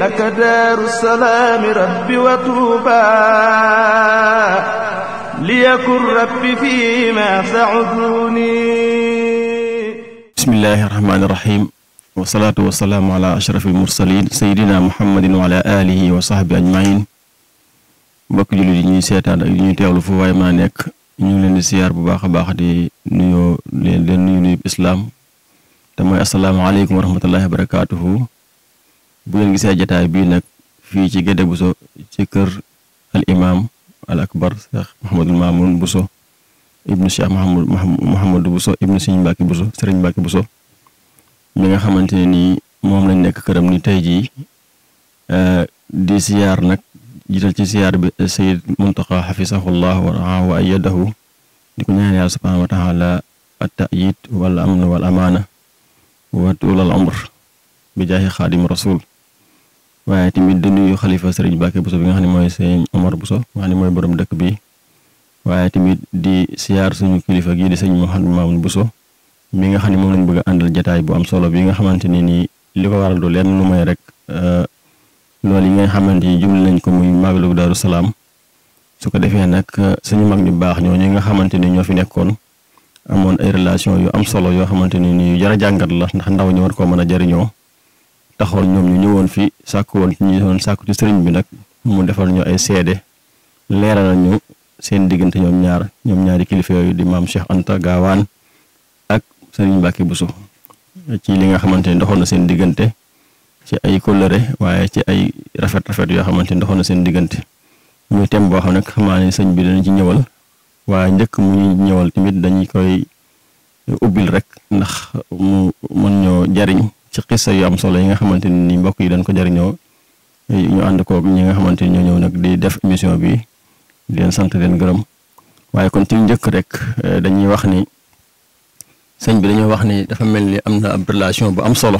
لك دار السلام رب وطوبى ليكن رب فيما سعدوني بسم الله الرحمن الرحيم والصلاة والسلام على أشرف المرسلين سيدنا محمد وعلى آله وصحبه أجمعين mbokk jullit yi ñuy seetaan ak ñuy teewlu fu waaye maa nekk ñu ngi leen di siyaar bu baax a baax di nuyoo leen leen nuyu nuyu islaam te mooy asalaamaaleykum wa rahmatullahi wa barakaatuhu bu ngeen gisee jataay bii nag fii ci Guédé Bousso ci kër al imaam al akbar bu Mouhamadul Mamoun Bousso ibnu Cheikh Mouhamad Mouhamadou Bousso ibnu Sëriñ Mbacke Bousso Sëriñ mi nga xamante ne nii moom lañ nekk këram ni tey jii eh, di siyaar nag jiital ci siyaar bi Sayyid Muntaqa xafisahullah wa wa ayyadahu di ko ñaan yàlla subhaanahu wa taala at taayid amaana wa tuulal umr bi xaadim rasul waaye tamit di nuyu xalifa sëriñ Mbacke Bousso bi nga xam ne mooy sëriñ Omar Bousso nga xam ne mooy borom dëkk bi waaye tamit di siyaar suñu kilifa gii di sëñ Mouhamed Mamoun Bousso mi nga xam ne moom lañu bëgg a àndal jataay bu am solo bi nga xamante ne nii li ko waral du leen lu may rek euh, loolu yi nga xamante ni jublu nañ ko muy màggalu Daaru Salaam su ko defee nag suñu mag ñu baax ñoo ñi nga xamante ni ñoo fi nekkoon amoon ay relation yu am solo yoo xamante ni yu jar a jàngat la ndax ndaw ñu war koo mën a jariñoo taxoon ñoom ñu ñëwoon fi sàkku woon ñu doon sàkku ci sëriñ bi nag mu defal ñu ay seede leeralal ñu seen diggante ñoom ñaar ñoom ñaari kilifa yooyu di maam Cheikh Anta Gaawaan ak sëriñ Mbacke Bousso ci li nga xamante ni doxoon na seen diggante ci ay kóllëre waaye ci ay rafet rafet yoo xamante ni doxoon na seen diggante muy tem boo xam ne xamaa ne sëñ bi dana ci ñëwal waaye njëkk mu ñëwal tamit dañu koy ubbil rek ndax mu mën ñoo jariñ ci xisa yu am solo yi nga xamante ni mbokk yi dañ ko jëriñoo ñu ànd koog ñi nga xamante ni ñoo ñëw nag di def émission bi di leen sant leen gërëm waaye kon ci njëkk rek eh, dañuy wax ni sëñ bi dañuy wax ni dafa mel ni am na ab relation bu am solo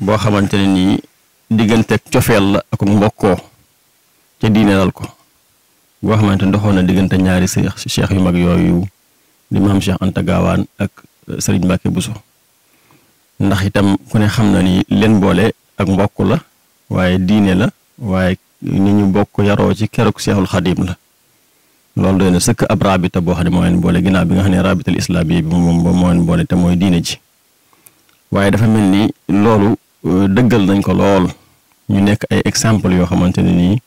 boo xamante ne nii digganteeg cofeel la ak mbokkoo ca diine lal ko boo xamante ni doxoon na diggante ñaari seex seex yu mag yooyu di maam Cheikh Anta Gaawaan ak eh, Serigne Mbacke Bousso. ndax itam ku ne xam na ni leen boole ak mbokk la waaye diine la waaye ni ñu bokk yaroo ci keroog seexul xadim la loolu doy na sëkk ab rabita boo xam ne moo leen boole ginnaaw bi nga xam ne rabital islam yi bi moom moo leen boole te mooy diine ji waaye dafa mel ni loolu euh, dëggal nañ ko lool ñu nekk ay exemple yoo xamante ne nii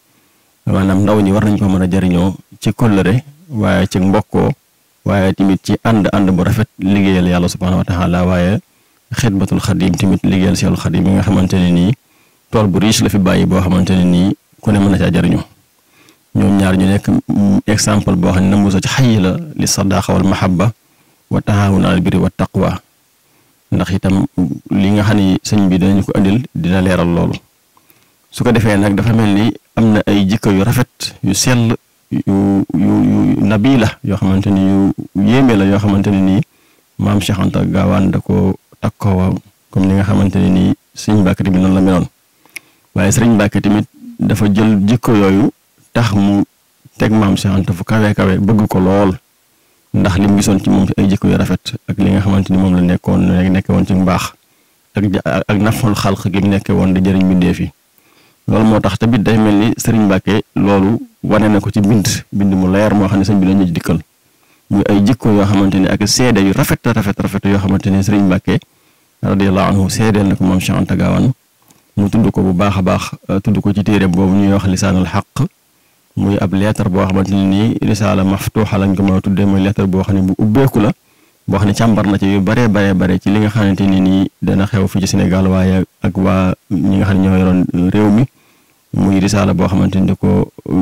maanaam ndaw ñi war nañ ko mën a jariñoo ci kóllëre waaye ci mbokkoo waaye tamit ci ànd ànd bu rafet liggéeyal yàlla su wa waaye xidmatul xadim tamit liggéeyal seexul xadim yi nga xamante ne nii tool bu riche la fi bàyyi boo xamante ne nii ku ne mën na caa jariñu ñoom ñaar ñu nekk exemple boo xam ne na sa ci xayi la li sadaaqa wal mahabba wa tahaawun al birri wa taqwa ndax itam li nga xam ne sëñ bi dinañu ko indil dina leeral loolu su ko defee nag dafa mel ni am na ay jikko yu rafet yu sell yu yu yu yoo xamante ni yu la yoo xamante ne nii maam Cheikh Gaawaan da ko ak koowaam comme li nga xamante ne nii sëriñ Mbàkke tamit noonu la meloon waaye sëriñ Mbàkke tamit dafa jël jikko yooyu tax mu teg maam Cheikh Anta fu kawe bëgg ko lool ndax li mu gisoon ci moom ay jikko yu rafet ak li nga xamante ni moom la nekkoon nekk woon ci mbaax ak ak naful xalq gi nekkee woon di jëriñ bindee fi loolu moo tax tamit day mel ni sëriñ Mbàkke loolu wane na ko ci bind bind mu leer moo xam ne sëñ bi ñu dikkal muy ay jikko yoo xamante ni ak seede yu rafet rafet rafet yoo xamante ne sëriñ Mbàkke radiallahu anhu seedeel na ko moom Cheikh Anta Gaawaan mu tudd ko bu baax a baax euh, tudd ko ci téere boobu ñuy wax lisaanul xaq muy ab leetar boo xamante ne nii risaala maftuuxa lañ ko mën a tuddee muy leetar boo xam ne bu ubbeeku la boo xam ne càmbar na ci yu baree baree bare ci li nga xamante ne nii dana xew fi ci Sénégal waaye ak waa ñi nga xam ne ñoo yoroon réew mi muy risaala boo xamante ni ko euh,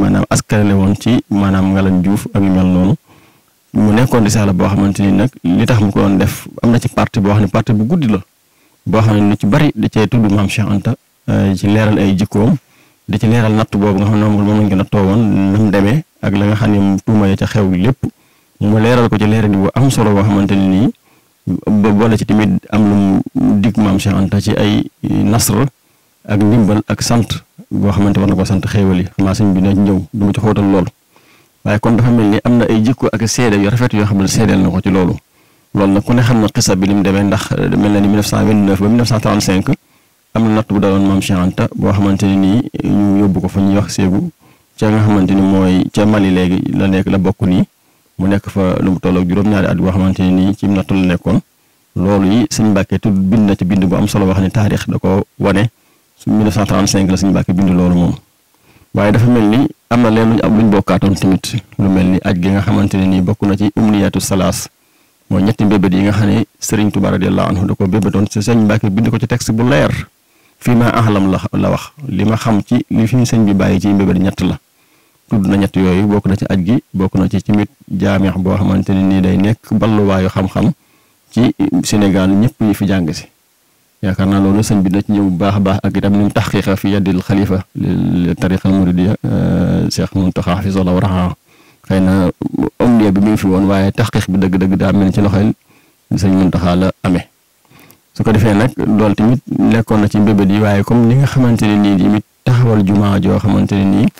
maanaam askanale woon ci maanaam Ngalandou Diouf ak yu mel noonu. mu nekkoon di risaala boo xamante ni nag li tax mu ko doon def am na ci parti boo xam ne parti bu guddi la boo xam ne lu ci bari da cee tudd maam Cheikh Anta euh, ci leeral ay jikkoom da ci leeral natt boobu nga xam ne moom lañ ko nattoo woon na mu demee ak la xam ne mu tuuma ca xew lépp mu leeral ko ci leeral bu am solo boo xamante ne nii boole ci tamit am lu mu dig maam Cheikh ci ay nasr ak ndimbal ak sant boo xamante war na ko sant xéewal yi xam naa ne bi dina ñëw du ma ci xóotal loolu. waaye kon dafa mel ni am na ay jikko ak seede yu rafet yoo xam ne seedeel na ko ci loolu loolu nag ku ne xam na xisa bi ni mu demee ndax eh, mel na ni 1929 ba 1935 am na natt bu daloon boo xamante ne nii yóbbu ko fa ñuy wax Ségou ca nga xamante ni mooy ca léegi la nekk la bokk nii mu nekk fa lu mu toll ak juróom-ñaari at boo xamante ne nii ci nattu la nekkoon loolu yi Sëñ Mbàkke tudd bind na ci bind bu am solo wax ne taarix da ko wane su 1935 la Sëñ Mbàkke bind loolu moom. waaye dafa mel ni am na leen luñ am luñ bokkaatoon tamit lu mel ni aj gi nga xamante ne nii bokk na ci umniyaatu salaas mooy ñetti mbébét yi nga xam ne Serigne Touba radiyallahu anhu da ko bébétoon si sëñ Mbàkke bind ko ci texte bu leer fii ma axlam la la wax li ma xam ci li fi sëñ bi bàyyi ci mbébét ñett la na ñett yooyu bokk na ci aj gi bokk na ci tamit jaamix boo xamante ne nii day nekk balluwaayu xam ci Sénégal ñëpp ñi fi jàng si yaakaar naa loolu sëñ bi da ci ñëw bu baax a baax ak itam ni mu taxqiqa fi yadil xalifa li tariqa muridiya euh, Cheikh Mountakha fi soxla waraxa xëy na omniya bi mu ngi fi woon waaye taxqiq bi dëgg-dëgg daa mel ci loxeel sëñ Mountakha la amee su ko defee nag loolu tamit nekkoon na ci mbébét yi waaye comme ni nga xamante ne nii tamit taxawal jumaa joo xamante ne nii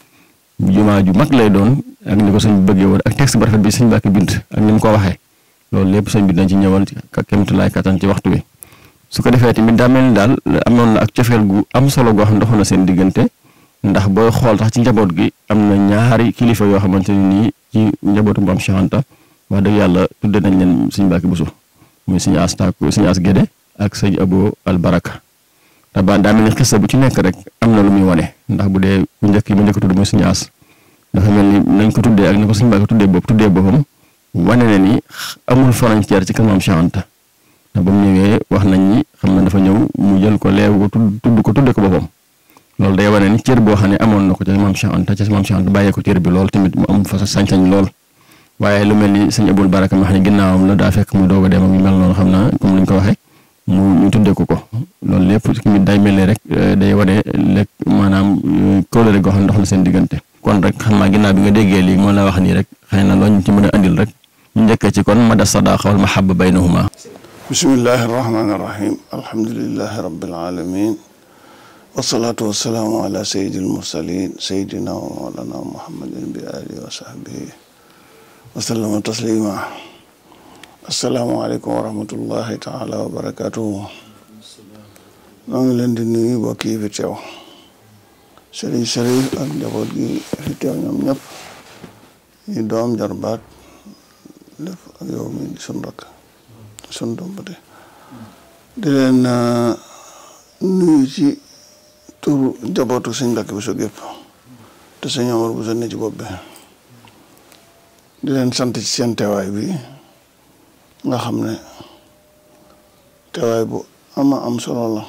jumaa ju mag lay doon ak ni ko sëñ bëggee woon ak texte bu rafet bi sëñ Mbàkke bind ak ni mu ko waxee loolu lépp sëñ bi dañ ci ñëwal kéemtulaay kattan ci waxtu wi su ko defee tamit daa mel ni daal amoon na ak cofeel gu am solo goo xam ne doxoon na seen diggante ndax booy xool tax ci njaboot gi am na ñaari kilifa yoo xamante ni nii ci njabootu Maam Cheikh Anta wax dëgg yàlla tudde nañ leen suñu Mbàkke Buso muy suñu as tàkku suñu as ak sëñ Abo Albaraka te ba daa mel ni xista bu ci nekk rek am na lu muy wane ndax bu dee bu njëkk bu njëkk tudd muy suñu as dafa mel ni nañ ko tuddee ak na ko suñu Mbàkke tuddee bopp tuddee boppam wane na ni amul frontière ci kanam Maam Cheikh ndax ba mu ñëwee wax nañ ni xam na dafa ñëw mu jël ko leew ko tudd ko tudde ko boppam loolu day wane ni cër boo xam ne amoon na ko ca maam Cheikh Anta ca maam Cheikh Anta bàyyee ko bi lool tamit mu am fa sañ-sañ lool lu mel ni sëñ Abul Baraka ma xam ne la daa fekk mu doog a dem ak ñu mel noonu xam naa comme ni ñu ko waxee mu ñu tuddee ko ko loolu lépp mi day mel ni rek euh, day wane rek maanaam euh, kóolare goo xam ne dox na seen diggante. kon rek xam naa ginnaaw bi nga déggee lii moo la wax nii rek xëy na loo ñu ci mën a andil rek ñu njëkkee kon ma des sadaaqa wal mahabba baynahuma bismillahi irrahmani irrahim alhamdulilahi rabilalamin wasalaatu wasalaamu ala sayidi almursalin sayidina wa mawlana muhammadin bi alihi wa sahbihi wasallama taslima assalaamu aleykum wa rahmatullahi taala wa barakatuhu noo ngi leen di nuyu bokk yi fi teew sëriñ sëriñ ak njaboot gi fi teew ñoom ñëpp ñu doom jarbaat lépp ak yow mi di sun rakk sun dombate di leen euh, nuyu ci turu jabootu sëñ Mbàkke Buso gépp te sëñ Omar Buso ne ci bopp bi di leen sant ci seen teewaay bi nga xam ne teewaay bu ama am solo la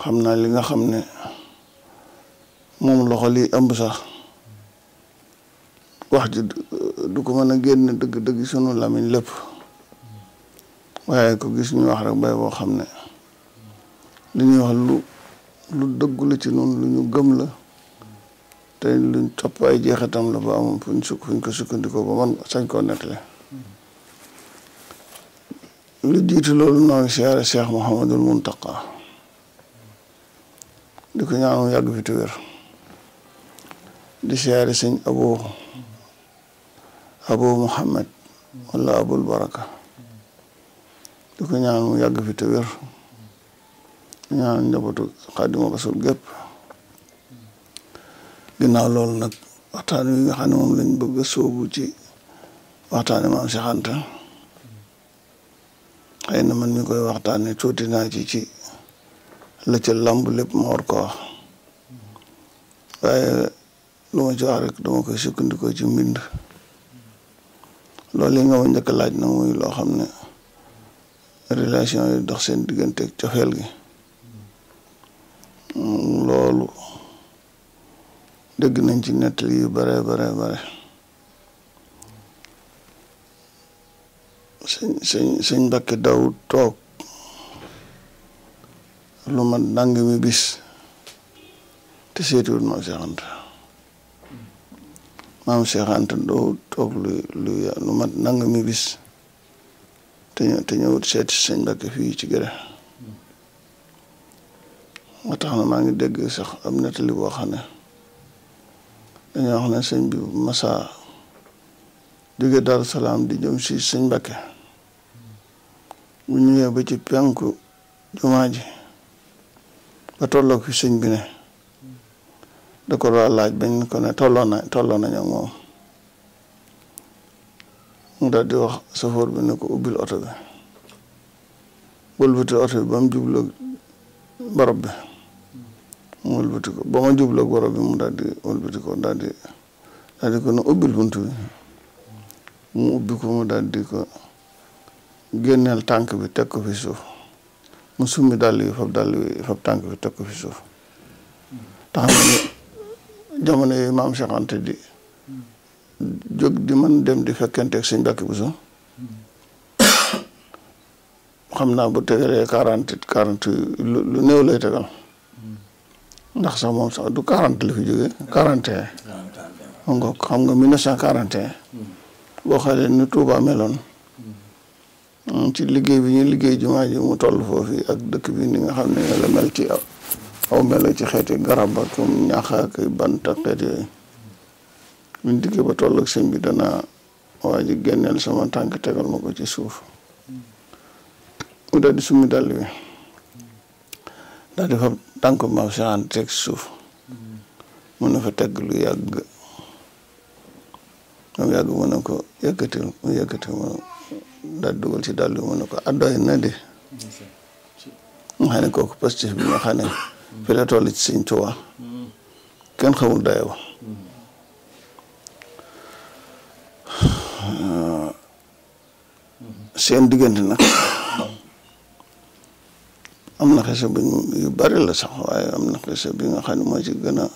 xam naa li nga xam ne moom loxo li ëmb sax wax ji du ko mën a génn dëgg dëgg sunu lamiñ lépp waaye ko gis ñu wax rek bay boo xam ne li ñuy wax lu lu dëggu ci noonu lu ñu gëm la te luñ topp ay jeexatam la ba am fuñ sukk fuñ ko sukkandikoo ba man sañ koo nettali lu jiitu loolu noo ngi siyaare Cheikh Mouhamadul Muntaqa di ko ñaanu yàgg fi te di siyaare sëñ Abo abu muhammad wala abul baraka di ko ñaan mu yàgg fi te wér ñaan njabootu xaadimu rasul gépp ginnaaw loolu nag waxtaan wi nga xam ne moom lañ bëgg a sóobu ci waxtaane maam Seex Anta xëy na man mi koy waxtaane tuuti naa ci ci la ci lamb lépp ma war ko wax waaye lu ma ci wax rek koy sukkandikoo ci mbind loolu yi nga ma njëkk laaj na muy loo xam ne relation yi dox seen diggante ak cofeel gi loolu dégg nañ ci nettali yu bare bare bare sëñ sëñ sëñ Mbàkke daw toog lu mat ndàng mi bis te seetiwut ma si maam Cheikh Anta doo toog lu lu lu mat nangami bis te ñëw te ñëwut seet sëñ fii ci gërëm moo tax na maa ngi dégg sax am nettali boo xam ne dañoo wax ne sëñ bi masa jóge Daaru Salaam di jëm si sëñ Mbàkke bu ñëwee ba ci penku jumaa ji ba tolloog fi sëñ bi ne da ko laaj bañ ko ne tolloo na tolloo nañu ak moom mu daal wax safoor bi ni ko ubbil oto bi wëlbati oto bi ba mu jubloog barab bi mu wëlbati ko ba ma jubloog barab bi mu daal di ko daal di ko ne ubbil bunt bi mu ubbi ko mu daal ko génneel tànk bi teg ko fi suuf mu summi dàll yi fab dàll yi fab tànk bi teg ko fi suuf tax na jamono yooyu maam Cheikh Anta di jóg di man dem di fekkenteeg sëñ Mbàkke Buso xam naa bu tegalee quarante quarante lu néew lay tegal ndax sax moom sax du quarante la fi jóge quarante et un nga xam nga mille neuf cent quarante et boo xoolee ni Touba meloon mm, ci liggéey bi ñuy liggéey jumaa ji mu toll foofu ak dëkk bi ni nga xam ne la mel ci aw melo ci xeeti garab ak ñax ak bant ak xeet yooyu buñ dikkee ba toll ak sëñ bi danaa waa ji génneel sama tegal ma ko ci suuf mu daal di summi dàll bi daal di fa tànk maam teg suuf mun fa tegg lu yàgg moom ko yëkkati mu yëkkati mu daal dugal ci dàll bi ko addoy ah, na di nga xam kooku positif bi nga fi la toll ci sëñ Tuubaa kenn xamul seen diggante nag am na xese bu yu bari la sax waaye am na xese bi nga xam ne moo ci gën a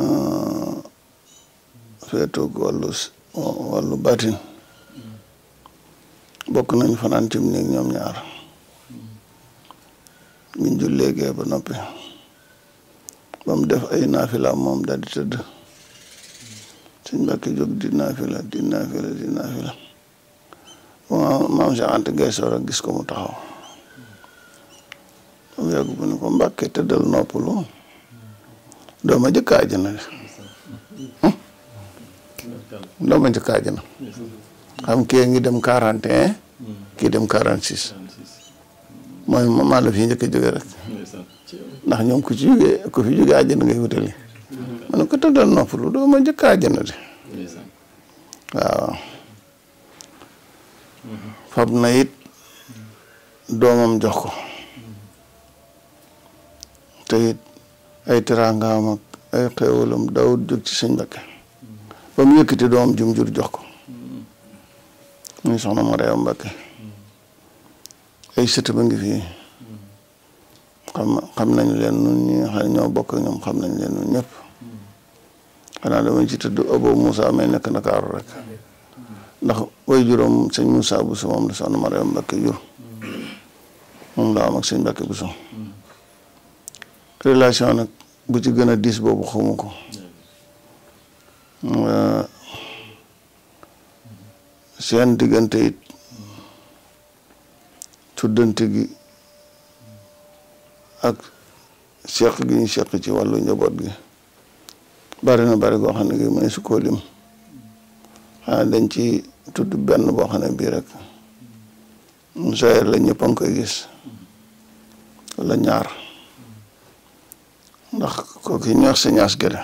uh, feetoog wàllu wàllu baatin bokk nañu fanaan tim néeg ñoom ñaar mu jullee gee ba noppi ba mu def ay naafila moom daal di tëdd sëñ Mbàkke jóg di naafila di naafila di naafila maam ant geesoo rek gis ko mu taxaw ba mu yàgg bu ne ko Mbàkke tëddal noppalu dooma jëkk àjjana dooma jëkk àjjana xam kii ngi dem quarante et un dem quarante six mooy maa la fi njëkk a rek ndax ñoom ku ci jógee ku fi jógee àjjana ngay wutali mm-hmm. ma ne ko tëddal noppalu doo ma njëkk a àjjana de waaw mm-hmm. fab na it doomam jox ko mm-hmm. te it ay teraangaam ak ay xeewalam daawut jóg ci sëñ Mbakke ba mu yëkkati doomam jum jur jox ko muy soxna Mariama Mbakke ay sët ba ngi fi xam xam nañu leen ñun ñi nga ñoo bokk ñoom xam nañu leen ñun ñëpp xanaa dama ci tudd Abo Moussa may nekk Ndakaaru rek ndax way juróom sëñ Moussa Bousso moom la soxna Mariam jur moom la am ak sëñ Mbacke relation nag bu ci gën a diis boobu xamu euh, seen diggante it tuddante gi ak seq gi ñu seq ci wàllu njëboot gi bari na bari goo xam ne gi mënees koo lim xanaa dañ ci tudd benn boo xam ne bii rek musaayir la ñëpp koy gis wala ñaar ndax kooku ñaax sa ñaas gële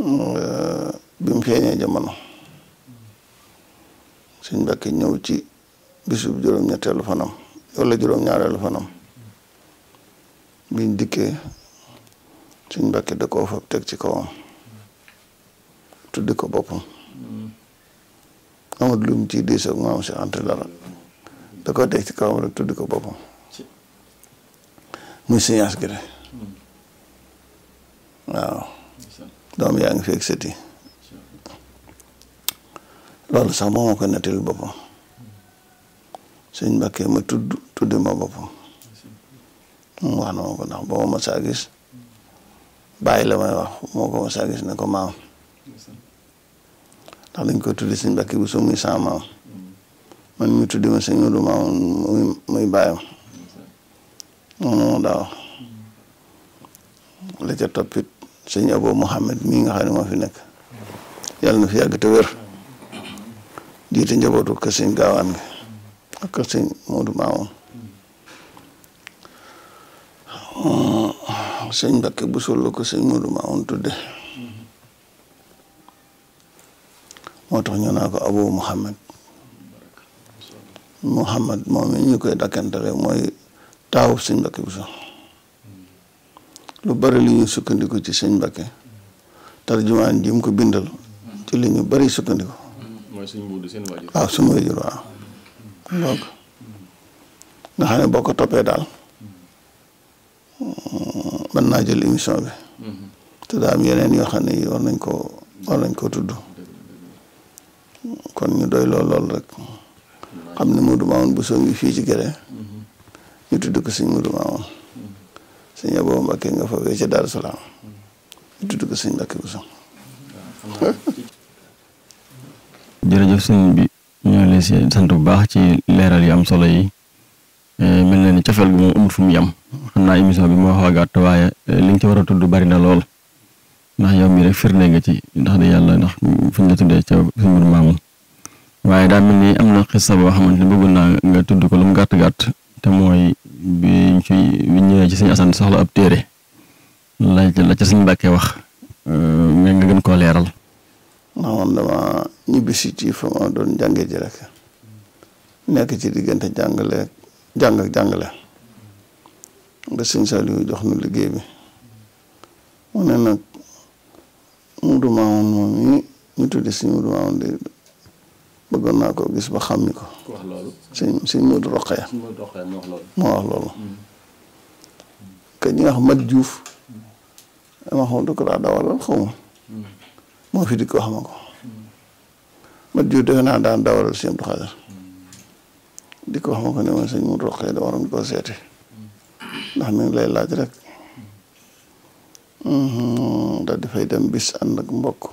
eh, bi mu feeñee jamono suñ mbokk ñëw ci bisub juróom-ñetteelu fanam wala juróom-ñaareelu fanam biñ dikkee suñ mbàkke da koo fab teg ci kawam tuddi ko boppam amul lu mu ciy si ante dara da koo teg ci kawam rek ko boppam muy science gi doom yaa ngi feeg sëti loolu sax moo ma ko nettali boppam sëñ Mbàkke ma tudd tudd ma boppam moom wax na ma ko ndax boo ma saagis gis la may wax moo ko ma saa gis ne ko maam ndax dañ ko tudde sëñ Mbàkke bu so muy sama ma sëñ muy bàyyam moom moom daa wax la ca toppit sëñ Abo Mouhamed mii nga xam ne moo fi nekk yàlla na fi yàgg te wér jiite njabootu kër sëñ gaawaan gi ak sëñ Modou Mamoun sëñ Mbakke bu sol la ko sëñ Modou Mamoun tudde moo tax ñu naa ko Abou Mouhamed Mouhamed moom ñu koy e dakkantale mooy taawu sëñ Mbakke bu lu bari li ñu sukkandiku ci sëñ Mbakke tarjumaan ji mu ko bindal ci li ñu bari sukkandiku. mooy sëñ Moodu seen nga xam ne boo ko toppee daal uh, man naa jël émission bi mm-hmm. te daam yeneen yoo xam ne yi war nañ koo war koo tudd kon ñu doy lool lool rek xam ne Modou Mamoune Bousso ngi fii ci gere mm-hmm. ñu tudd ko sëñ Modou Mamoune mm-hmm. sëñ Abo Mbakke nga fa wee ci Daaru Salaam ñu tudd ko sëñ Mbakke Bousso jërëjëf sëñ bi ñoo ngi leen sant bu baax ci leeral yu am solo yi eh, mel na ni cofeel gi moom amul fu mu xam naa émission bi moo xaw a gàtt waaye eh, li nga ci war a tudd bari na lool ndax yow mii rek firnde nga ci ndax di yàlla ndax fu ñu la tuddee ca suñu maamu waaye daa mel ni am na xisa boo xamante ni bëggoon naa nga tudd ko lu mu gàtt gàtt te mooy bi ñu ci bi ñëwee ci suñu asaan soxla ab téere la la ca suñu mbàkkee wax eh, nga gën koo leeral. ndax man dama ñibbisi ci fa ma doon jànge ji rek nekk ci diggante jàngale jàng ak jàngale ba sëñ Saliou jox nu liggéey bi mu ne nag Mudu Maamun moom mi ñu tudde sëñ Mudu Maamun de bëggoon naa ko gis ba xam ni ko sëñ sëñ Mudu Roqaya moo wax loolu que nga xam mat Juuf mm-hmm. dama xaw da ko daa dawalal xaw ma mm-hmm. moo fi dikko wax ma ko ma jur defe naa daan dawalal sëñ Abdou Khadre dikk wax ma ko ne ma sëñ mu roqee da waroon koo seete ndax mi ngi lay laaj rek mhm, da dafay dem bis ànd ak mbokk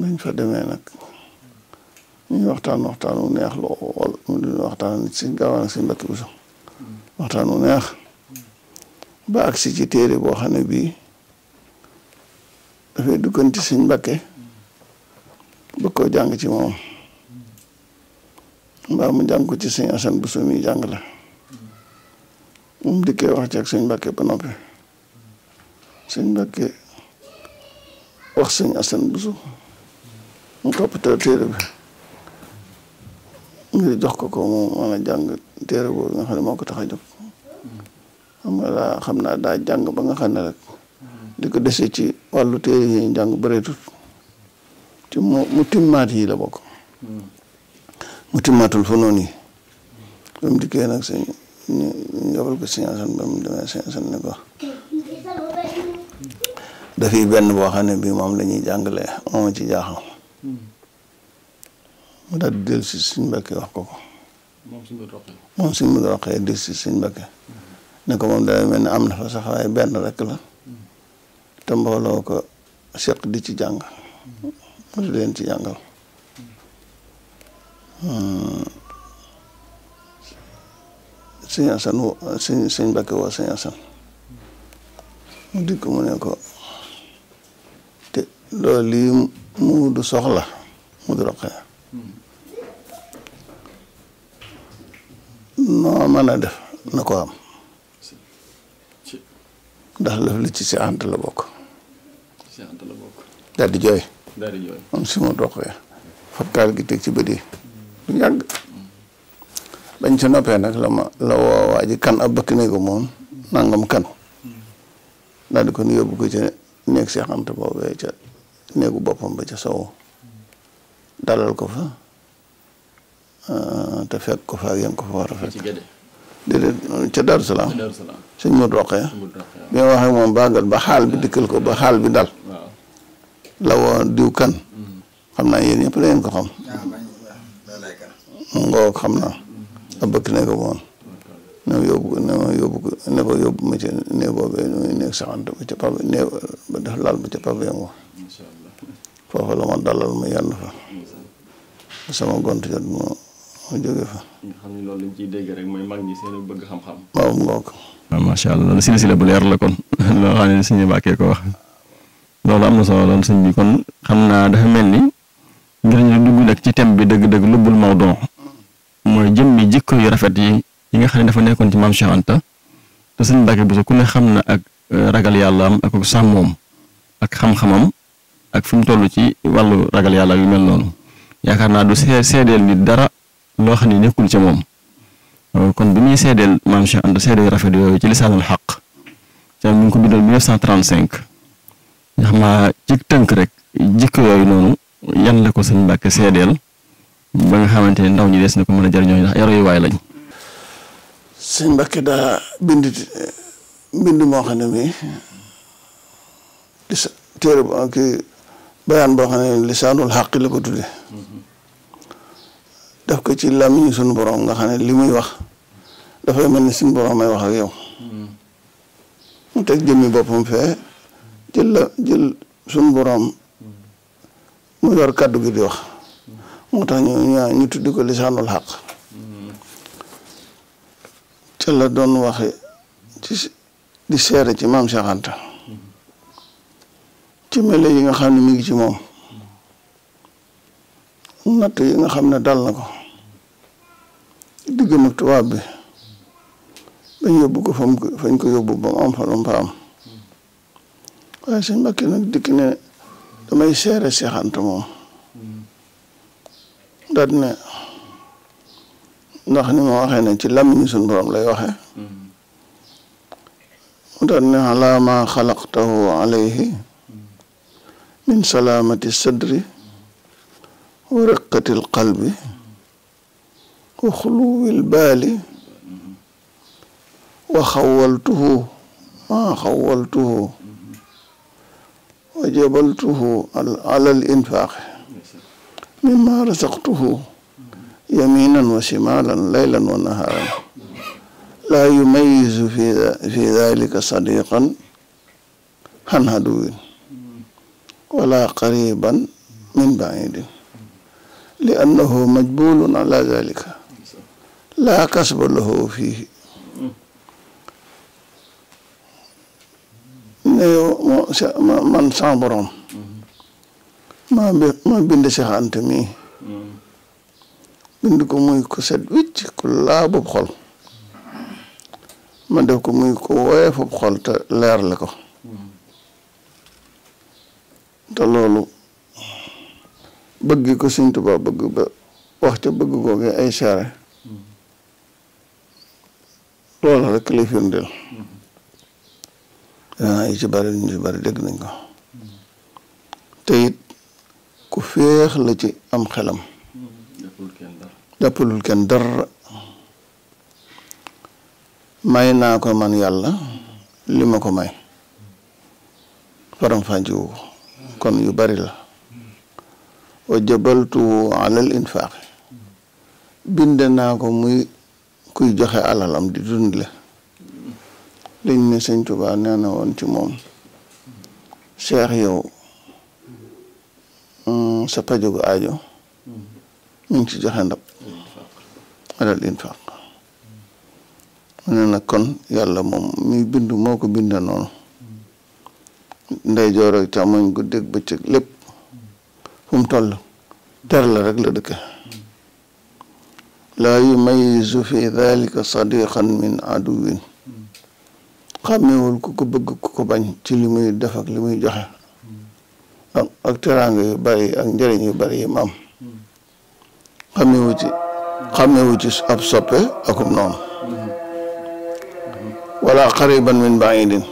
nañ fa demee nag ñu waxtaan waxtaan wu neex lool mu di waxtaan si gaawaan si mbokk bi waxtaan wu neex ba agsi ci téere boo xam bii dafay dugganti sëñ Mbàkke bëgg koo jàng ci moom mbaa mu jàng ko ci sëñ Asan bu sumi jàng la moom dikkee wax ci ak sëñ Mbàkke ba noppi sëñ Mbàkke wax sëñ mu toppatoo téere bi ngir jox ko ko mu mën a jàng téere boobu nga xam ne moo ko tax a jóg xam nga daa daa jàng ba nga xam ne rek di ko dese ci wàllu téere yi ñu jàng bëreetut mu timmaat yi la bokk mu timmaatul fa noonu yi ba mu dikkee nag sëñ ñu yabal ko ko benn boo xam ne bii moom la si suñ mbàkke wax ko ko moom suñ mu roqee dellu si suñ mbàkke mm-hmm. ko moom dafay mel ne am na fa sax waaye benn rek la te mbooloo ko seq di ci jàng mu di leen ci jàngal hmm. sëñ Asan wo sëñ sëñ dikk mu ne ko te loolu lii mu du soxla mu du roqee noo mën a def na ko am ndax lëf li ci si la bokk Cheikh Anta la bokk. daal jooy. moom si moom doxee. fab kaal gi teg ci bët yi. du yàgg. bañ ca noppee nag la ma la woo waa kan ab bëkk néegu moom nangam kan. daal di yóbbu ko ca néeg Cheikh Anta boobee ca néegu boppam ba ca sowu. dalal ko fa. Ah, te fekk ko fa ak yéen ko fa war a fekk. déedéet ca Darou Salaam. Darou Salaam sëñ bi ma waxee moom baagal ba xaal bi dikkal ko ba xaal bi dal. lawoo diw kan xam naa yéen ñëpp da ngeen ko xam ngoog xam naa ab bëkk ne ko woon ne ma yóbbu ne ko yóbbu ma ca néew boobu muy néeg saxante ba ca pavé ma dalal ma yenn ne loolu lañ ciy dégg rek mooy mag ñi seen bëgg ngoog. macha allah la si la bu leer la kon loo xam ne suñu bàkkee ko wax. loolu am na solo lool sëñ bi kon xam naa dafa mel ni ngir ñu dugg nag ci thème bi dëgg-dëgg lubbul mawduu mooy mi jikko yu rafet yi yi nga xam ne dafa nekkoon ci maam Cheikh Anta te sëñ Mbàkke ku ne xam na ak euh, ragal am ak sàmmoom ak xam ak fi mu toll ci wàllu ragal yàlla yu mel noonu yaakaar naa du see seedeel nit dara loo xam ne nekkul ci moom euh, kon bi muy seedeel maam Cheikh Anta seedeel rafet yooyu ci lisaanul xaq ca mu ngi ko bindal 1935. nga xam naa ci tënk rek jikko yooyu noonu yan la ko sëñ Mbàkke seedeel ba nga xamante ne ndaw ñi des na ko mën a jariñoo ndax yaroy waay lañ. sëñ Mbàkke daa bind moo xam ne mii lisa téere kii boo xam ne lisaanul xàq la ko tudde daf ko ci làmmiñu suñu borom nga xam ne li muy wax dafay mel ni suñ borom wax ak yow. Mm-hmm. mu teg jëmmi boppam fee. jël la jël suñu boroom mu yor kàddu gi di wax moo tax ñu ñu tuddi ko lisaanul xaq ca la doon waxe di seere ci maam Cheikh ci melo yi nga xam ne mi ngi ci moom natt yi nga xam ne dal na ko digg mag tubaab bi dañ yóbbu ko fañ ko yóbbu ba mu am fa am waaye sëñ Mbàkke nag dikk ne damay seere Seex Anta moom daal ne ndax ni ma waxee ne ci làmmiñu suñu borom lay waxee mu daal ne ala ma xalaqtahu alayhi min salaamati sadri wa riqati alqalbi wa xuluwi albaali wa xawaltuhu ma xawaltuhu wa jabaltuhu ala al infaaqi mimma razaqtuhu yaminan wa shimalan laylan wa naharan laa yumayizu fi dalika sadiqan han haduwin wala qariban min baidin li annahu majbulun ala dalika laa kasba lahu fihi ne yow ma man sama borom mm-hmm. ma bind Cheikh Anta mii mm-hmm. bind ko muy ko set wicc ku laa xol ma def ko muy ko woyee foofu xol te leer la ko mm-hmm. te loolu bëgg ko Sëñ Tuubaa bëgg ba wax ca bëgg googee ay saare loola rek lay firndeel Ah, yu ci bari ñu ci bari dégg nañ ko te ku féex la ci am xelam jàppalul kenn dara may naa ko man yàlla li ma ko may faram kon yu bari la wa jabaltu alal binde naa ko muy kuy joxe alalam di dundle dañ ne sëñ Tuubaa nee na ci moom Cheikh yow mm, sa pajogu aajo ñu ngi ci joxe ndab alal infaq mu nag kon yàlla moom mi bind moo ko binda noon ndey joor ak càmmoñ guddeeg bëccëg lépp fu toll ter la rek la dëkk laa yumayizu fi dalika sadiqan min aduwin xàmmewul ku ko bëgg ku ko bañ ci li muy def ak li muy joxe ak ak teraanga yu bari ak njëriñ yu bari yi maam xàmmewu ci xàmmewu ci ab soppe akum noonu wala xariban min baidin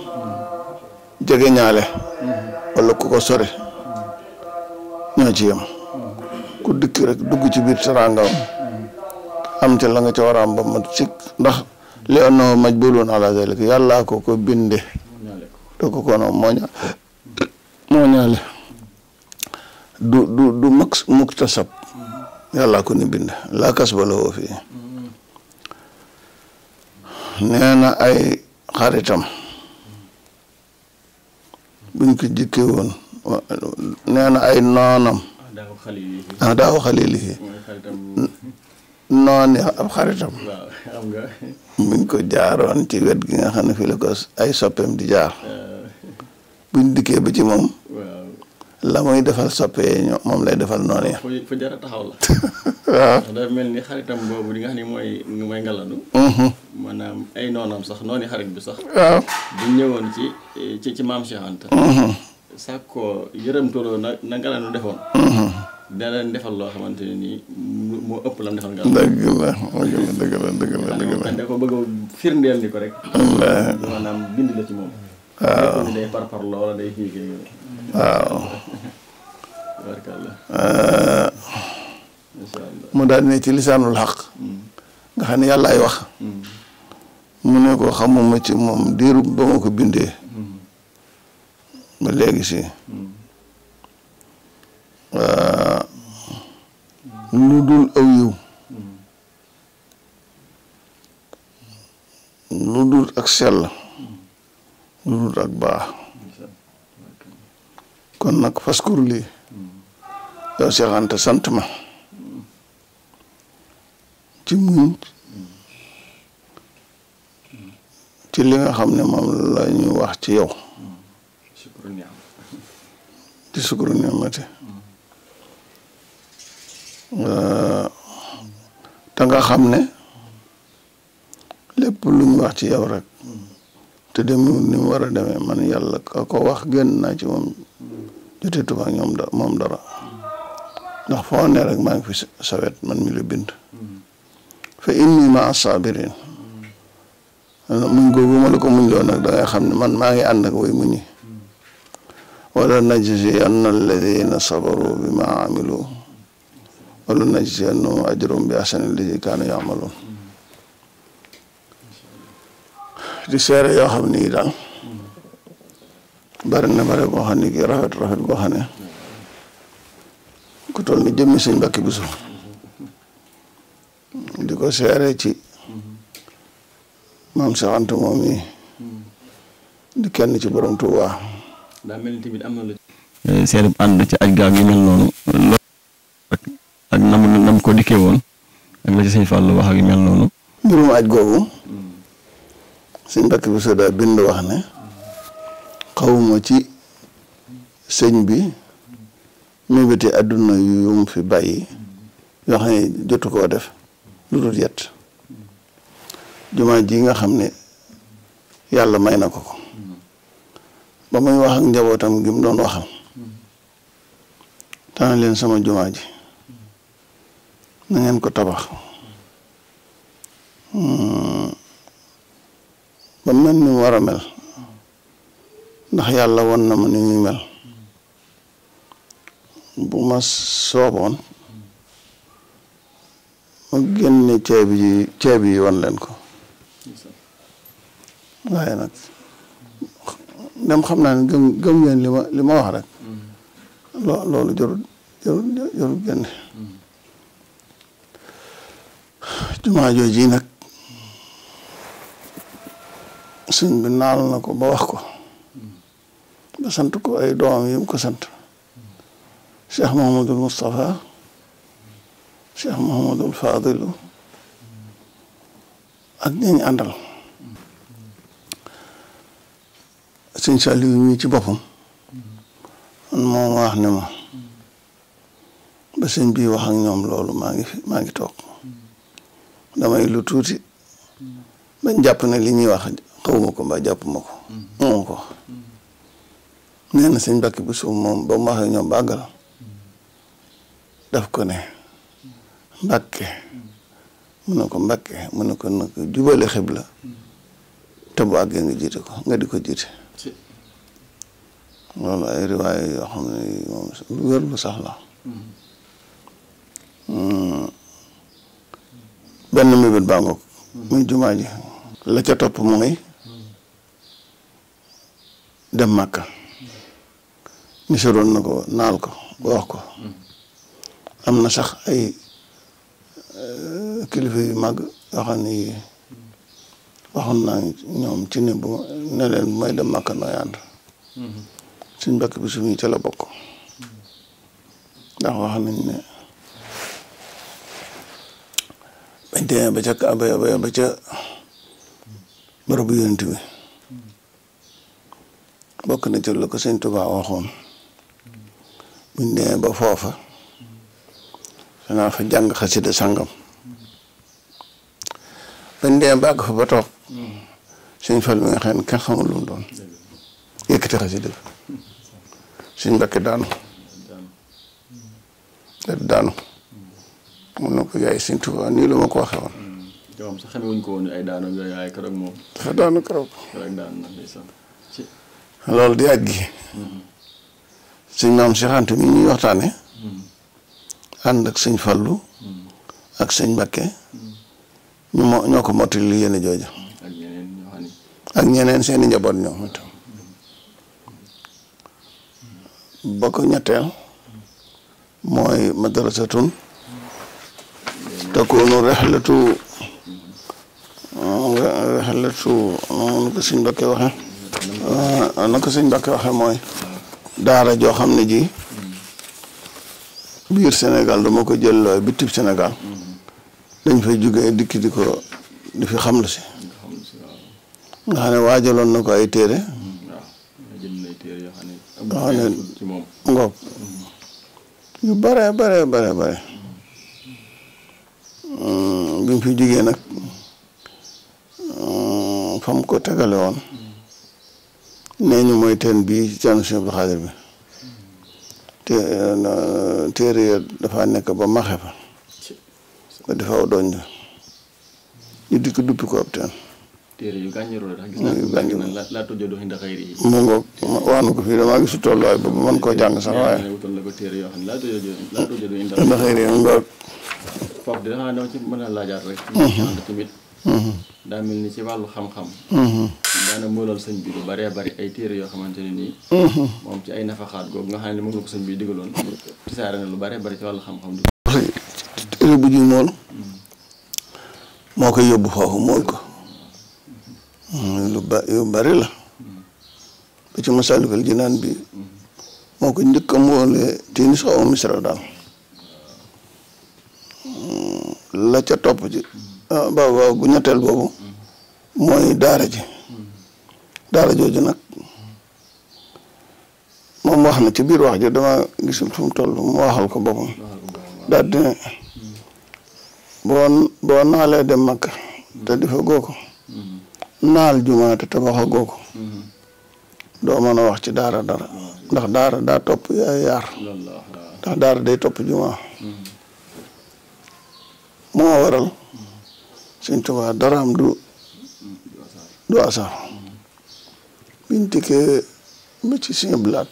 jege ñaale wala ku ko sore ñoo ci yem ku dikk rek dugg ci biir teraangam am ca la nga ca war a am ba mat sikk ndax li annahu majbulun ala zalika yàlla ko ko binde do ko kono du du du max muktasab yàlla ko ni binde laa kasba woo fii nee ay xaritam buñ ko jikkee woon nee ay noonam ah daaw nooni ab xaritam mu ko jaaroon ci wet gi nga xam ne fii la ko ay soppeem di jaar buñ dikkee ba ci moom la muy defal soppee ñoom moom lay defal noonu ya fa jara taxaw la waaw dafa mel ni xaritam boobu di nga xam ne mooy mooy ngalanu mm-hmm. maanaam ay noonam sax nooni xarit bi sax waaw bu ñëwoon ci ci maam Cheikh Anta mm-hmm. sàkkoo yërëmtuloo na na nga leen defoon. dina leen defal loo xamante ne nii moo ëpp la mu defal nga. la dëgg bëgg a firndeel ni ko rek. bind la ci moom. waaw day parpar ah. mu daal ne ci lisaanul xaq. Mm. nga xam ne yàlla ay wax. Mm. mu ne ko xamuma ci moom diiru ba ma ko bindee. léegi si hmm. lu dul aw hmm. lu dul ak sell hmm. lu ak baax kon nag faskur lii yow Cheikh sant ma ci muñ ci li nga xam ne moom la ñu wax ci yow fi sukuru ni'mati te nga xam ne lépp lu ñu wax ci yow rek te demul ni mu war a demee man yàlla ko wax génn naa ci moom jotee tubaab ñoom dara ndax foo ne rek maa ngi fi sawet man mi la bind fa inni ma sabirin muñ googu ma la ko muñ loo nag da xam ne man maa ngi ànd ak way muñi wala najzi anna alladina sabaru bima amilu wala najzi annahum ajrum bi ahsani alladi kaanu di seere yoo xam ni daal bari na bare boo xam ne kii rafet rafet boo xam ne ku toll ni jëmmi sëñ Mbàkke di ko seere ci maam Seex Anta di kenn ci borom Tuubaa daa mel tamit am eh, seen ànd ci aj gaag yu mel noonu loolu ak nam nam ko dikkee woon ak la ci sëñ Fallou wax ak yu mel noonu. mbirum aj googu. sëñ Mbàkke Buso daa bind wax ne. xawma ci sëñ bi. mébéti àdduna yu mu fi bàyyi. yoo xam ne jotu koo def. lu dul yet. jumaa ji nga xam ne yàlla may na ko ko. ba muy wax ak njabootam gi mu doon waxal tànn leen sama jumaa ji na ko tabax hmm. ba mel ni mu war a mel ndax yàlla won na ma ni muy mel bu ma sooboon ma génne ceeb yi ceeb yi won leen ko waaye nag même xam naa ne gëm gëm li ma wax rek mm. loo loolu jarul jarul jarul génn jumaa jooji nag sëñ bi naal na ko ba wax ko ba sant ko ay doomam yi mu ko sant Cheikh Mouhamadul Moustapha Cheikh Mouhamadul Fadilu ak ñi ñu àndal sëñ ñu mii ci boppam man moom wax ne ma ba sëñ bii wax ak ñoom loolu maa ngi fi maa ngi toog damay lu tuuti bañ jàpp ne li ñuy wax xawma ko mbaa jàpp ma ko moom nee na sëñ Bakki bu suuf moom ba mu waxee ñoom ko ne Mbàkke mu ne ko Mbàkke mu ne ko nag jubale xibla te bu àggee nga jiite ko nga di ko jiite loolu ay riwaay yoo xam ne moom lu wér lu sax la hmm. benn mébét baa ngoog muy jumaa ji la ca topp mooy dem màkka niseroon na ko naal ko wax ko am na sax ay eh, kilifa yu màgg yoo xam ne waxoon naa ñoom ci ne bu ne leen may dem Màkka nooy ànd suñ mbokk bi suñu ca bokk ndax wax nañ ne bañ demee ba ca ba ba ca bërëbu yonent bi bokk na ci ko sëñ Tuubaa waxoon buñ demee ba foofa danaa fa jàng xasida sangam bañ dee ba àgg fa ba toog suñ fal mi nga xam kenn xamul lu doon yëkkati xasida suñ mbakke na ko yaay suñ Tuubaa daanu loolu di àgg gi. suñ maam Cheikh Anta mi ñuy waxtaane mm-hmm. ànd ak suñ fallu ak suñ mbakke. ñu mo ñoo ko mottali yéen a ak ñeneen seeni njaboot ñoom itam ba ko ñetteel mooy madrasatun takunu rexlatu ah, rexlatu nu ko suñ Mbakke waxe ah, na ko suñ Mbakke mooy daara joo xam ne ji biir Sénégal dama ko jël bitib Sénégal dañ fay jógee dikk di ko di fi xam la si nga xam ne waajaloon na ko ay téere nga xam ne ngoog yu bare bare bare bare mm, bi fi jógee nag mm, fa ko tegale woon nee ñu mooy teen bii ci caanu Sëñ Xaadir bi te eh, téere ya dafa nekk ba maxe fa ko di faw dooñ la ñu di ko duppi ko ab teen téere yu gàññeeru la gis naa laa tojjoo doxi ndax mu ngoog wax ko fii damaa gisu tolluwaay boobu man koo jàng sax waaye wutal la ko yoo xam ne laa tojjoo doxi ndax xayri yi mu ngoog foofu de xanaa dama ci mën a laajaat rek mhm. tamit mhm. daa mel ni ci wàllu xam-xam mhm. daana moolal sëñ bi lu bëree bëri ay téere yoo xamante ne nii moom ci ay nafaxaat googu nga xam ne moom la ko sëñ bi digaloon tisaare na lu bëree bëri ci wàllu xam-xam bu ji mool moo koy yóbbu foofu mool ko hmm, lu ba bari la ba ci Masaalikul Jinaan bi moo ko njëkk a moolee tinis xaw daal hmm, la ca topp ci waaw ah, waaw bu ñetteel boobu mooy daara ji daara jooju nag moom wax na ci biir wax ji dama gisul fu mu mu waxal ko boppam daal di boo naalee dem Makka te defa goo ko naal jumaa te tabaxa goo ko doo mën a wax ci daara dara ndax daara daa topp yaay yaar ndax daara day topp jumaa moo waral Sëñ Tuubaa daraam du du asar biñ dikkee ba Blaat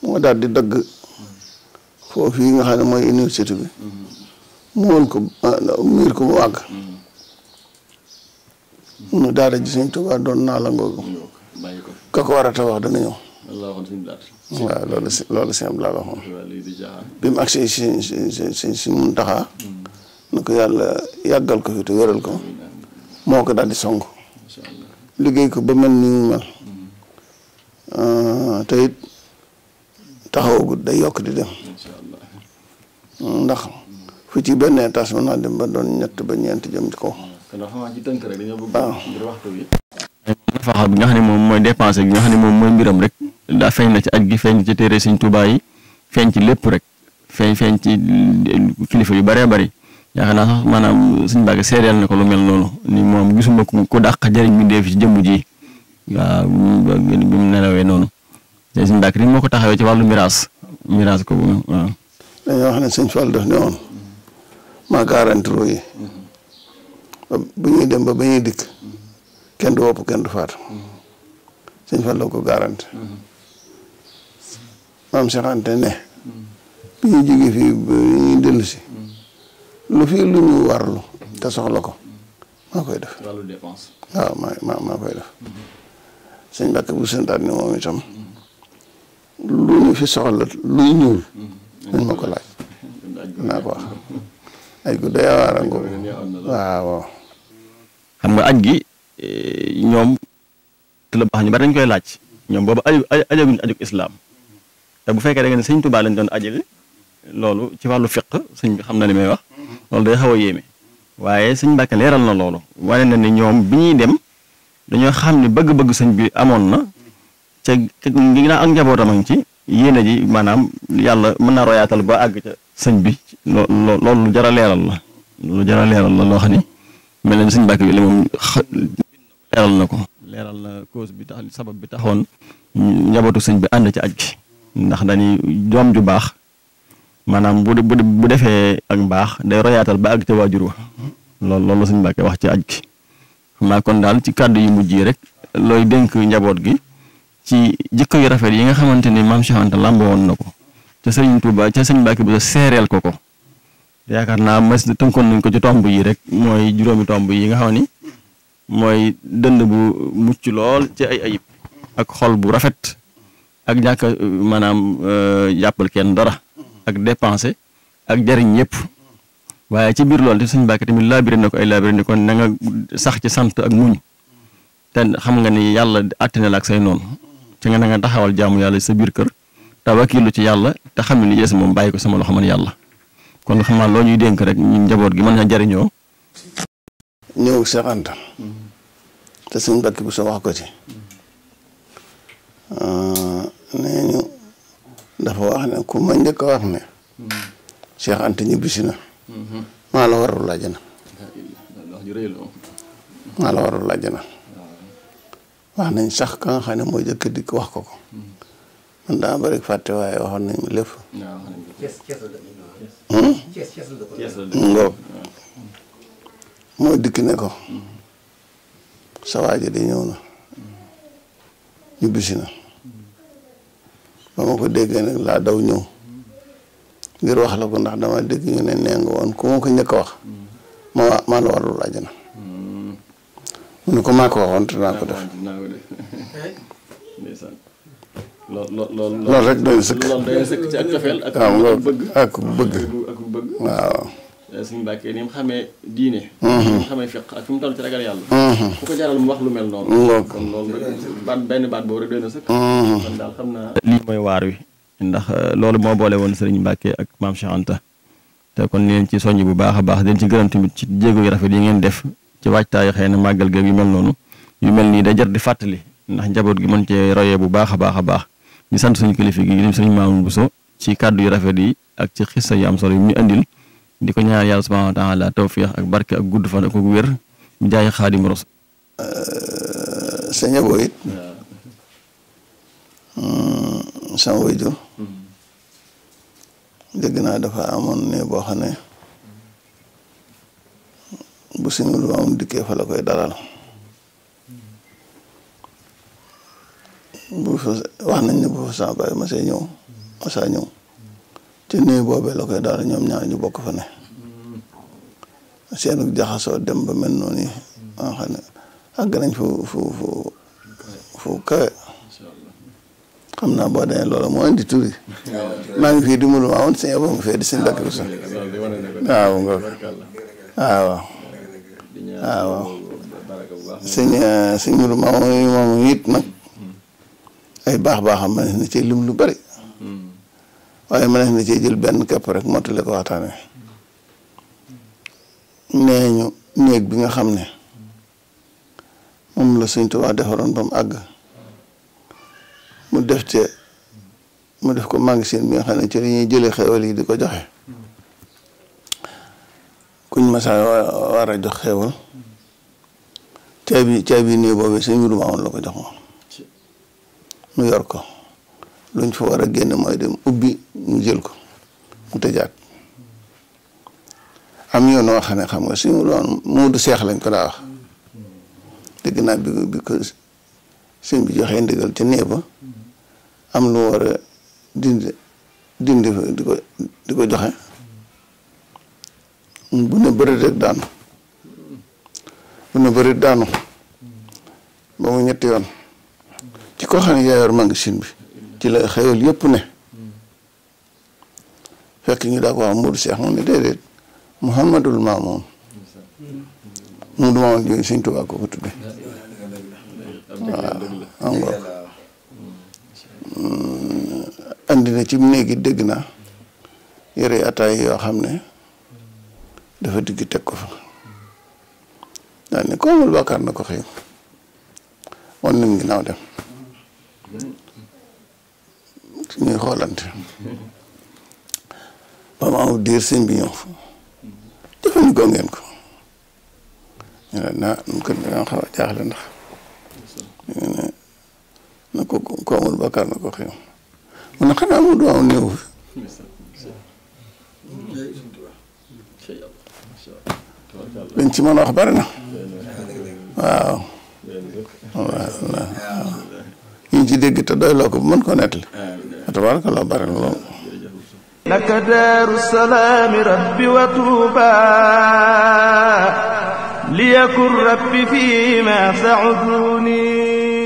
moo daal di dagg foofu yi nga xam ne mooy université bi mu mën ko ah, miir ko mm-hmm. mu wàgg mu daara ji Sëñ Tuubaa doon naa la ngoogu ka ko war a tabax dana ñëw waaw loolu si loolu am laa waxoon bi mu si si si si Muntaxa mm-hmm. ko yàlla yàggal ko fi te wéral ko moo ko daal di song liggéey ko ba mel ni mu mel mm-hmm. ah, te it taxawagut day yokk di dem ndax fu ci benn étage mën naa dem ba doon ñett ba ñeent jëm ci kaw. kon dafa maa ci tënk rek bi. nga xam ne moom mooy dépensé bi nga xam ne moom mooy mbiram rek daa feeñ na ci aj gi feeñ ci téere Sëñ Tuubaa yi feeñ ci lépp rek feeñ feeñ ci kilifa yu bëree bëri yaakaar naa sax maanaam suñu bàgg seedeel na ko lu mel noonu ni moom gisuma ku dàq daq mi dee fi ci jëmm ji waaw bi mu nelawee noonu te suñu ni moo ko taxawee ci wàllu miraas miraas ko waaw. dañoo wax ne Sëñ Fall daf ne maa garanti bu ñuy dem ba ba ñuy dikk kenn du wopp kenn du faatu sëñ Fall la ko garanti maam Cheikh Anta ne bi ñu jógee fii ba ñuy dellu si lu lu ñu warlu te soxla ko maa koy def wàllu dépense waaw koy def sëñ bu sëntaat ni moom itam lu ñu fi soxla lu ñuul mm-hmm. ma ko laaj naa aj gu waaw. xam nga aj gi eh, ñoom te la baax ñu bari dañ koy laaj ñoom boobu aju ajaguñu ajug islaam te bu fekkee da ngeen ne sëñ Tuubaa lañ doon ajal loolu ci wàllu fiq sëñ bi xam na li may wax loolu day xaw a yéeme waaye sëñ Mbàkke leeral na loolu wane na ni ñoom bi ñuy dem dañoo xam ne bëgg-bëgg sëñ bi amoon na ca ngi naa ak njabootam a ngi ci yéene ji maanaam yàlla mën naa royaatal ba àgg ca sëñ bi loo loolu lu jar a leeral la lu jar leeral la loo xam ne mel na sëñ Mbàkke bi la moom leeral na ko leeral na cause bi tax sabab bi taxoon njabootu sëñ bi ànd ci aj gi ndax dañuy doom ju baax maanaam bu bu bu defee ak mbaax day royaatal ba àgg te waajur wa loolu lool la sëñ Mbàkke wax ci aj gi xam kon daal ci kàddu yu mujj yi rek looy dénk njaboot gi ci jikko yu rafet yi nga xamante ni maam Cheikh Anta woon na ko ca sëriñ Touba ca sëñ Mbacke Bousso seereel ko ko yaakaar naa mas tënkoon nañ ko ci tomb yii rek mooy juróomi tomb yi nga xam ni mooy dënd bu mucc lool ci ay ayib ak xol bu rafet ak ñàkk maanaam euh, jàppal kenn dara ak dépenser ak jariñ ñëpp waaye ci biir loolu te sëñ Mbacke tamit laabire na ko ay laabire ni kon na nga sax ci sant ak muñ te xam nga ni yàlla àtte na la ak say noon ci nga na nga taxawal jaamu yàlla sa biir kër te wakiilu ci yàlla te xam ne li des moom bàyyi ko sama loxo man yàlla kon xam loo ñuy dénk rek ñun njaboot gi mën na jariñoo ñëw Cheikh te suñ bakki bi soo wax ko ci nee ñu dafa wax ne ku ma njëkk a wax ne Cheikh ñibbisi na maa la warul laajana maa la warul laajana wax nañ sax ka nga xam mooy jëkk dikk wax ko ko man dama bëri fàtte waaye waxoon nañ lépp. Hmm? ngoob moo dikk ne ko sa waaji ñëw na ñu bisi na ba ma ko déggee nag laa daw ñëw ngir wax la ko ndax dama dégg ñu ne nee woon ku ko njëkk wax ma maa la warul àjjana hmm. mu ne ko maa ko waxoon te naa ko def loolu rek doy na sëkk loolu doy sëkk ci ak cofeel ak bëgg ak bëgg ak bëgg waaw suñu mbàkkee ni xamee diine mhm. ni mu mhm. lu mel noonu kon loolu rek baat benn baat boobu na mhm. lii mooy waar wi ndax eh, loolu moo boole woon sëriñ Mbàkke ak maam Cheikh te kon ni leen ci soññ bu baax a baax leen ci gërëm tamit ci jéego yu rafet yi ngeen def ci waajtaay xëy na màggal gi mel noonu yu mel nii day jar di fàttali ndax njaboot gi mën cee royee bu baax a baax a baax ñu sant suñu kilifa gi di sëriñ Mamoun Bousso ci kàddu yu rafet yi ak ci xissa yu am solo yu ñu andil di ko ñaan yàlla subhaanahu wa taala tawfiix ak barke ak gudd fan ak wér mu jaay xaadim ros. Euh, sëñ Abo it. Hmm, sama wayjur dégg naa dafa amoon ne boo xam ne bu suñu lu dikkee fa la koy dalal. bu fa wax nañ ne bu fa sama baay masaa ñëw masaa ñëw ci nuyu boobee la koy daal ñoom ñaar ñu bokk fa ne seenu jaxasoo dem ba mel noonu yi nga ah, xam nañ fu fu fu kawe xam naa boo demee loolu moo indi turi maa ngi fii dimbalu maa woon sëñ Abo nga fee di sëñ Bakir Bousso waaw nga waaw waaw waaw sëñ eh, sëñ Mourou maa moom it ay baax baaxam mënees na ci lim lu bari waaye mënees na ci jël benn képp rek mottale ko waxtaane nee ñu néeg bi nga xam ne moom la Sëñ Tuubaa defaroon ba mu àgg mu def ci mu def ko magasin bi nga xam ne ci li ñuy jëlee xéwal yi di ko joxe kuñ masa war a jox xéwal caabi caabi néeg boobu sëñ bi du la ko jox moom nu yor ko luñ fa war a génn mooy dem ubbi ñu jël ko mu tëjaat am yoon woo xam ne xam nga si mu doon muudu seex lañ ko daa wax dégg naa bi bi ko sëñ bi joxee ndigal ca néeg ba am lu war a dindi dindi di ko di ko joxe bu ne bëri rek daanu bu ne bëri daanu ba mu ñetti yoon ci koo xam ne yaa yor magasin bi ci la xëyal yëpp ne fekk ñu daa ko wax Mourou ne déedéet Mouhamadul Mamoun mu du Mamoun yooyu Sëñ ko ko tudde mm, ci néegi dégg na yore ataay yoo xam ne dafa digg teg ko fa daal ne ko amul bàkkaar na ko xëy wan nañ ginnaaw dem ñuy xoolante ba ma am diir sëñ bi ñëw fa jëfandikoo ngeen ko ñu ne naa nu ko da xaw a jaaxle ndax ñu ko ko amul bakkaar na ko xew mu ne xanaa mu doon néew dañ ci mën a wax bari na waaw ñu ci dégg te doy loo ko mën ko nettali tabaarakallah bari na lool naka daaru salaami rabbi wa tuuba liyakun rabbi fi ma sauduni